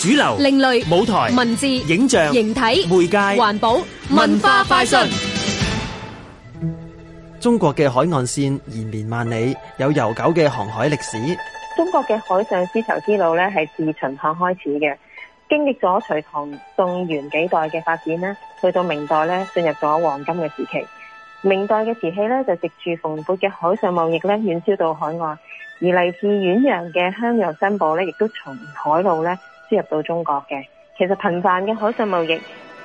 主流、另類、舞台、文字、影像、形體、媒介、環保、文化快訊。中國嘅海岸線延綿萬里，有悠久嘅航海歷史。中國嘅海上絲綢之路呢，係自秦漢開始嘅，經歷咗隋唐宋元幾代嘅發展呢，去到明代呢，進入咗黃金嘅時期。明代嘅瓷器呢，就藉住蓬勃嘅海上貿易呢，遠銷到海外，而嚟自遠洋嘅香料珍寶呢，亦都從海路呢。輸入到中國嘅。其實頻繁嘅海上貿易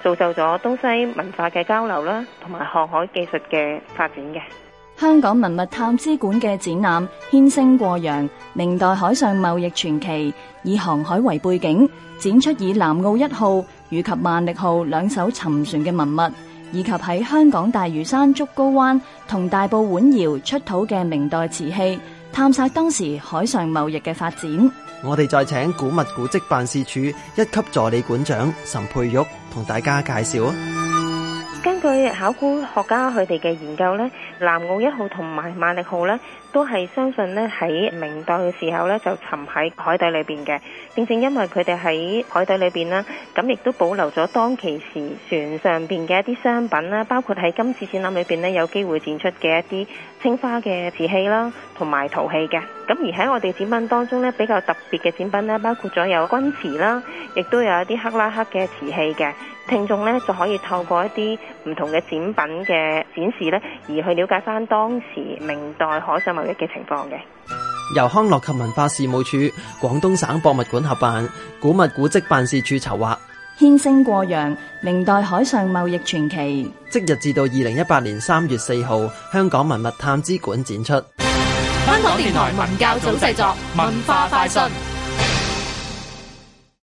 造就咗東西文化嘅交流啦，同埋航海技術嘅發展嘅。香港文物探知館嘅展覽《牽星過洋：明代海上貿易傳奇》，以航海為背景，展出以南澳一號以及萬曆號兩艘沉船嘅文物，以及喺香港大嶼山竹篙灣同大埔碗窯出土嘅明代瓷器，探索當時海上貿易嘅發展。我哋再請古物古蹟辦事處一級助理館長岑佩玉同大家介紹啊。根據考古學家佢哋嘅研究呢，南澳一號同埋萬利號呢，都係相信呢喺明代嘅時候呢，就沉喺海底裏邊嘅。正正因為佢哋喺海底裏邊啦，咁亦都保留咗當其時船上邊嘅一啲商品啦，包括喺今次展覽裏邊呢，有機會展出嘅一啲青花嘅瓷器啦，同埋陶器嘅。咁而喺我哋展品當中呢，比較特別嘅展品呢，包括咗有軍瓷啦，亦都有一啲克拉克嘅瓷器嘅。聽眾咧，就可以透過一啲唔同嘅展品嘅展示咧，而去了解翻當時明代海上貿易嘅情況嘅。由康樂及文化事務署廣東省博物館合辦，古物古蹟辦事處籌劃《牽星過洋：明代海上貿易傳奇》，即日至到二零一八年三月四號，香港文物探知館展出。香港電台文教組製作，文化快訊。